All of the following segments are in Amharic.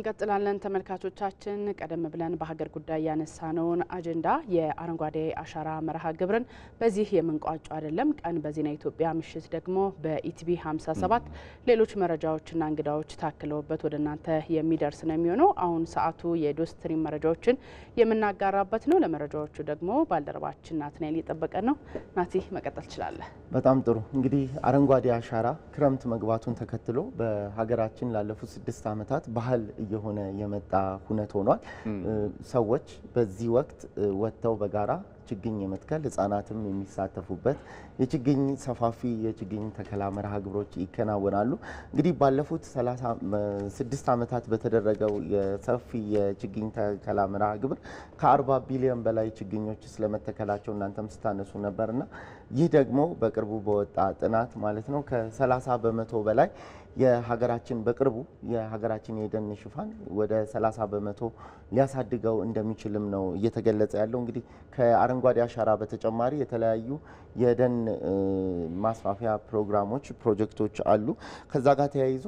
እንቀጥላለን ተመልካቾቻችን። ቀደም ብለን በሀገር ጉዳይ ያነሳነውን አጀንዳ የአረንጓዴ አሻራ መርሃ ግብርን በዚህ የምንቋጩ አይደለም። ቀን በዜና ኢትዮጵያ፣ ምሽት ደግሞ በኢቲቪ 57 ሌሎች መረጃዎችና እንግዳዎች ታክለውበት ወደ እናንተ የሚደርስ ነው የሚሆነው። አሁን ሰዓቱ የዶስትሪም መረጃዎችን የምናጋራበት ነው። ለመረጃዎቹ ደግሞ ባልደረባችን ናትናኤል እየጠበቀ ነው። ናቲ መቀጠል ትችላለህ። በጣም ጥሩ እንግዲህ አረንጓዴ አሻራ ክረምት መግባቱን ተከትሎ በሀገራችን ላለፉት ስድስት ዓመታት ባህል እየሆነ የመጣ ሁነት ሆኗል። ሰዎች በዚህ ወቅት ወጥተው በጋራ ችግኝ የመትከል ህጻናትም የሚሳተፉበት የችግኝ ሰፋፊ የችግኝ ተከላ መርሃ ግብሮች ይከናወናሉ። እንግዲህ ባለፉት ስድስት ዓመታት በተደረገው የሰፊ የችግኝ ተከላ መርሃ ግብር ከአርባ ቢሊዮን በላይ ችግኞች ስለመተከላቸው እናንተም ስታነሱ ነበርና ይህ ደግሞ በቅርቡ በወጣ ጥናት ማለት ነው ከ30 በመቶ በላይ የሀገራችን በቅርቡ የሀገራችን የደን ሽፋን ወደ 30 በመቶ ሊያሳድገው እንደሚችልም ነው እየተገለጸ ያለው። እንግዲህ ከአረንጓዴ አሻራ በተጨማሪ የተለያዩ የደን ማስፋፊያ ፕሮግራሞች፣ ፕሮጀክቶች አሉ። ከዛ ጋር ተያይዞ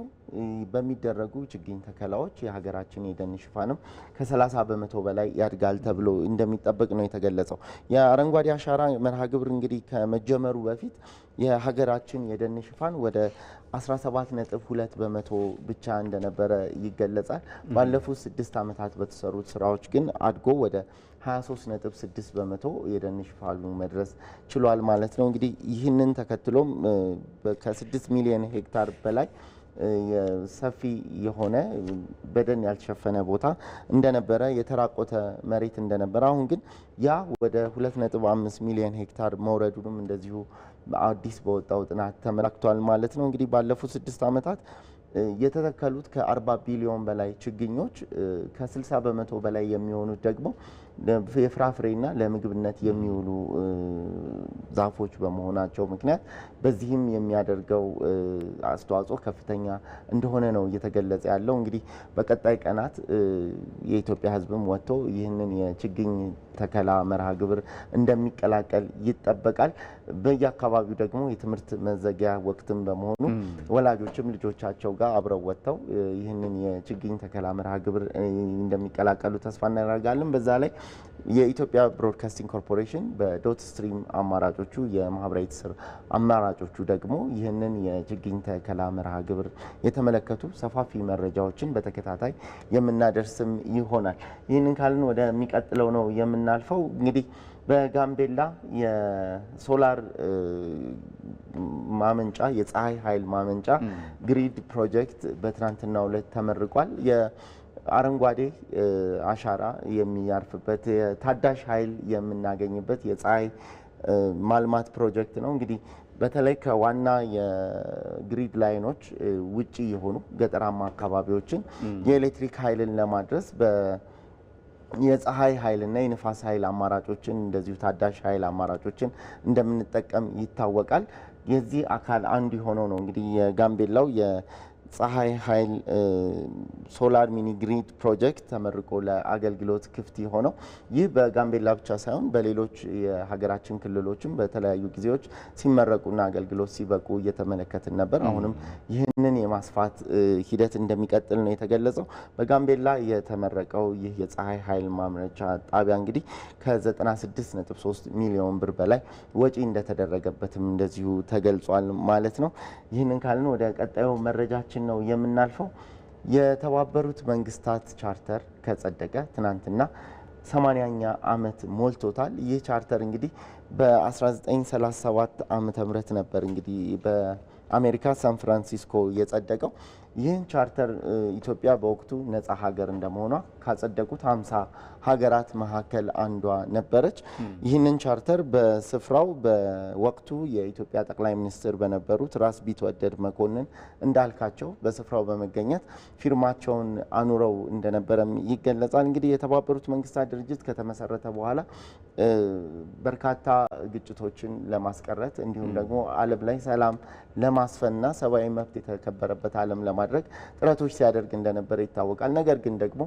በሚደረጉ ችግኝ ተከላዎች የሀገራችን የደን ሽፋንም ከ30 በመቶ በላይ ያድጋል ተብሎ እንደሚጠበቅ ነው የተገለጸው። የአረንጓዴ አሻራ መርሃ ግብር እንግዲህ ከመጀመሩ በፊት የሀገራችን የደን ሽፋን ወደ 17.2 በመቶ ብቻ እንደነበረ ይገለጻል። ባለፉት ስድስት ዓመታት በተሰሩት ስራዎች ግን አድጎ ወደ 23.6 በመቶ የደን ሽፋኑ መድረስ ችሏል ማለት ነው። እንግዲህ ይህንን ተከትሎም ከ6 ሚሊዮን ሄክታር በላይ ሰፊ የሆነ በደን ያልተሸፈነ ቦታ እንደነበረ የተራቆተ መሬት እንደነበረ፣ አሁን ግን ያ ወደ 2.5 ሚሊዮን ሄክታር መውረዱንም እንደዚሁ አዲስ በወጣው ጥናት ተመላክቷል ማለት ነው። እንግዲህ ባለፉት ስድስት ዓመታት የተተከሉት ከ40 ቢሊዮን በላይ ችግኞች ከ60 በመቶ በላይ የሚሆኑት ደግሞ የፍራፍሬና ለምግብነት የሚውሉ ዛፎች በመሆናቸው ምክንያት በዚህም የሚያደርገው አስተዋጽኦ ከፍተኛ እንደሆነ ነው እየተገለጸ ያለው። እንግዲህ በቀጣይ ቀናት የኢትዮጵያ ሕዝብም ወጥቶ ይህንን የችግኝ ተከላ መርሃ ግብር እንደሚቀላቀል ይጠበቃል። በየአካባቢው ደግሞ የትምህርት መዘጊያ ወቅትም በመሆኑ ወላጆችም ልጆቻቸው ጋር አብረው ወጥተው ይህንን የችግኝ ተከላ መርሃ ግብር እንደሚቀላቀሉ ተስፋ እናደርጋለን። በዛ ላይ የኢትዮጵያ ብሮድካስቲንግ ኮርፖሬሽን በዶት ስትሪም አማራጮቹ የማህበራዊ ትስስር አማራጮቹ ደግሞ ይህንን የችግኝ ተከላ መርሃ ግብር የተመለከቱ ሰፋፊ መረጃዎችን በተከታታይ የምናደርስም ይሆናል። ይህንን ካልን ወደሚቀጥለው ነው የምናልፈው እንግዲህ በጋምቤላ የሶላር ማመንጫ የፀሐይ ኃይል ማመንጫ ግሪድ ፕሮጀክት በትናንትናው ዕለት ተመርቋል። የአረንጓዴ አሻራ የሚያርፍበት የታዳሽ ኃይል የምናገኝበት የፀሐይ ማልማት ፕሮጀክት ነው። እንግዲህ በተለይ ከዋና የግሪድ ላይኖች ውጪ የሆኑ ገጠራማ አካባቢዎችን የኤሌክትሪክ ኃይልን ለማድረስ የፀሐይ ኃይልና የንፋስ ኃይል አማራጮችን እንደዚሁ ታዳሽ ኃይል አማራጮችን እንደምንጠቀም ይታወቃል። የዚህ አካል አንዱ የሆነው ነው እንግዲህ የጋምቤላው ፀሐይ ኃይል ሶላር ሚኒ ግሪድ ፕሮጀክት ተመርቆ ለአገልግሎት ክፍት የሆነው ይህ በጋምቤላ ብቻ ሳይሆን በሌሎች የሀገራችን ክልሎችም በተለያዩ ጊዜዎች ሲመረቁና አገልግሎት ሲበቁ እየተመለከትን ነበር። አሁንም ይህንን የማስፋት ሂደት እንደሚቀጥል ነው የተገለጸው። በጋምቤላ የተመረቀው ይህ የፀሐይ ኃይል ማምረቻ ጣቢያ እንግዲህ ከ96.3 ሚሊዮን ብር በላይ ወጪ እንደተደረገበትም እንደዚሁ ተገልጿል ማለት ነው። ይህንን ካልን ወደ ቀጣዩ መረጃችን ነገሮችን ነው የምናልፈው። የተባበሩት መንግስታት ቻርተር ከጸደቀ ትናንትና 80ኛ ዓመት ሞልቶታል። ይህ ቻርተር እንግዲህ በ1937 ዓመተ ምህረት ነበር እንግዲህ በአሜሪካ ሳን ፍራንሲስኮ የጸደቀው። ይህን ቻርተር ኢትዮጵያ በወቅቱ ነጻ ሀገር እንደመሆኗ ካጸደቁት ሀምሳ ሀገራት መካከል አንዷ ነበረች። ይህንን ቻርተር በስፍራው በወቅቱ የኢትዮጵያ ጠቅላይ ሚኒስትር በነበሩት ራስ ቢትወደድ መኮንን እንዳልካቸው በስፍራው በመገኘት ፊርማቸውን አኑረው እንደነበረም ይገለጻል። እንግዲህ የተባበሩት መንግስታት ድርጅት ከተመሰረተ በኋላ በርካታ ግጭቶችን ለማስቀረት እንዲሁም ደግሞ ዓለም ላይ ሰላም ለማስፈንና ሰብአዊ መብት የተከበረበት ዓለም ለማ ለማድረግ ጥረቶች ሲያደርግ እንደነበረ ይታወቃል። ነገር ግን ደግሞ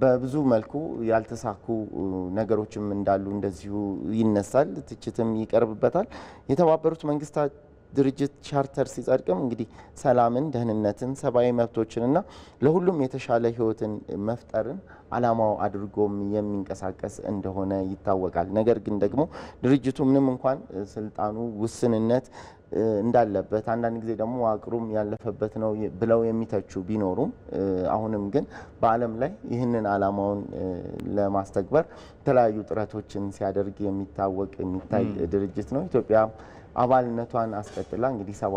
በብዙ መልኩ ያልተሳኩ ነገሮችም እንዳሉ እንደዚሁ ይነሳል፣ ትችትም ይቀርብበታል። የተባበሩት መንግስታት ድርጅት ቻርተር ሲጸድቅም እንግዲህ ሰላምን፣ ደህንነትን፣ ሰብአዊ መብቶችንና ለሁሉም የተሻለ ህይወትን መፍጠርን አላማው አድርጎም የሚንቀሳቀስ እንደሆነ ይታወቃል። ነገር ግን ደግሞ ድርጅቱ ምንም እንኳን ስልጣኑ ውስንነት እንዳለበት አንዳንድ ጊዜ ደግሞ አቅሩም ያለፈበት ነው ብለው የሚተቹ ቢኖሩም አሁንም ግን በዓለም ላይ ይህንን አላማውን ለማስተግበር የተለያዩ ጥረቶችን ሲያደርግ የሚታወቅ የሚታይ ድርጅት ነው። ኢትዮጵያ አባልነቷን አስቀጥላ እንግዲህ ሰባ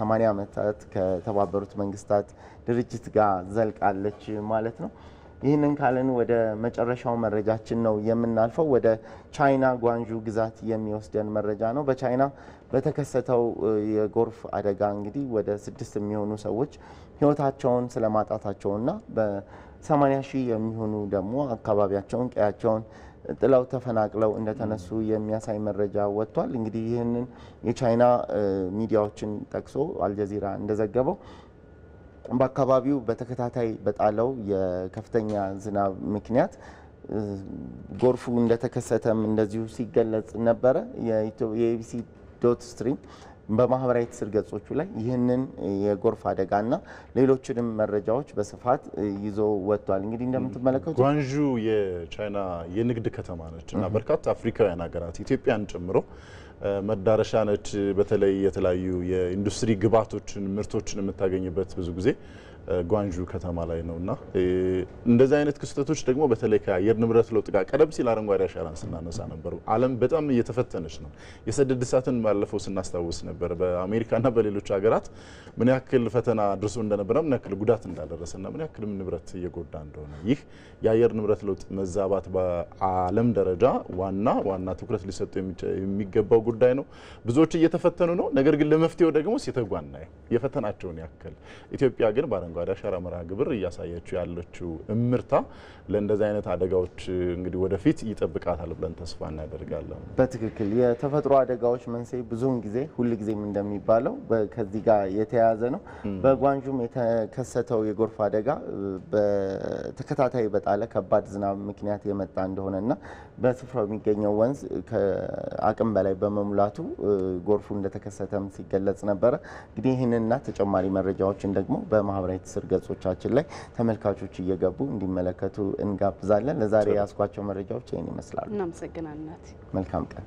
ሰማንያ ዓመታት ከተባበሩት መንግስታት ድርጅት ጋር ዘልቃለች ማለት ነው። ይህንን ካልን ወደ መጨረሻው መረጃችን ነው የምናልፈው። ወደ ቻይና ጓንዡ ግዛት የሚወስደን መረጃ ነው። በቻይና በተከሰተው የጎርፍ አደጋ እንግዲህ ወደ ስድስት የሚሆኑ ሰዎች ሕይወታቸውን ስለማጣታቸውና በሰማኒያ ሺህ የሚሆኑ ደግሞ አካባቢያቸውን ቀያቸውን ጥለው ተፈናቅለው እንደተነሱ የሚያሳይ መረጃ ወጥቷል። እንግዲህ ይህንን የቻይና ሚዲያዎችን ጠቅሶ አልጀዚራ እንደዘገበው በአካባቢው በተከታታይ በጣለው የከፍተኛ ዝናብ ምክንያት ጎርፉ እንደተከሰተም እንደዚሁ ሲገለጽ ነበረ። የኢቢሲ ዶት ስትሪም በማህበራዊ ትስስር ገጾቹ ላይ ይህንን የጎርፍ አደጋና ሌሎችንም መረጃዎች በስፋት ይዞ ወጥቷል። እንግዲህ እንደምትመለከቱ ጓንዡ የቻይና የንግድ ከተማ ነች እና በርካታ አፍሪካውያን ሀገራት ኢትዮጵያን ጨምሮ መዳረሻ ነች። በተለይ የተለያዩ የኢንዱስትሪ ግብዓቶችን ምርቶችን የምታገኝበት ብዙ ጊዜ ጓንጁ ከተማ ላይ ነው እና እንደዚህ አይነት ክስተቶች ደግሞ በተለይ ከአየር ንብረት ለውጥ ጋር ቀደም ሲል አረንጓዴ አሻራን ስናነሳ ነበሩ። ዓለም በጣም እየተፈተነች ነው። የሰደድ እሳትን ባለፈው ስናስታውስ ነበር። በአሜሪካና በሌሎች ሀገራት ምን ያክል ፈተና ድርሶ እንደነበረ ምን ያክል ጉዳት እንዳደረሰና ምን ያክልም ንብረት እየጎዳ እንደሆነ ይህ የአየር ንብረት ለውጥ መዛባት በዓለም ደረጃ ዋና ዋና ትኩረት ሊሰጡ የሚገባው ጉዳይ ነው። ብዙዎች እየተፈተኑ ነው። ነገር ግን ለመፍትሄው ደግሞ ሲተጓና የፈተናቸውን ያክል ኢትዮጵያ ግን አረንጓዴ አሻራ መርሃ ግብር እያሳየችው ያለችው እምርታ ለእንደዚህ አይነት አደጋዎች እንግዲህ ወደፊት ይጠብቃታል ብለን ተስፋ እናደርጋለን። በትክክል የተፈጥሮ አደጋዎች መንስኤ ብዙውን ጊዜ ሁልጊዜም እንደሚባለው ከዚህ ጋር የተያያዘ ነው። በጓንጁም የተከሰተው የጎርፍ አደጋ በተከታታይ በጣለ ከባድ ዝናብ ምክንያት የመጣ እንደሆነ እና በስፍራው የሚገኘው ወንዝ ከአቅም በላይ በመሙላቱ ጎርፉ እንደተከሰተም ሲገለጽ ነበረ። እንግዲህ ይህንና ተጨማሪ መረጃዎችን ደግሞ በማህበራዊ ስር ገጾቻችን ላይ ተመልካቾች እየገቡ እንዲመለከቱ እንጋብዛለን። ለዛሬ ያስኳቸው መረጃዎች ይህን ይመስላሉ። እናመሰግናለን። መልካም ቀን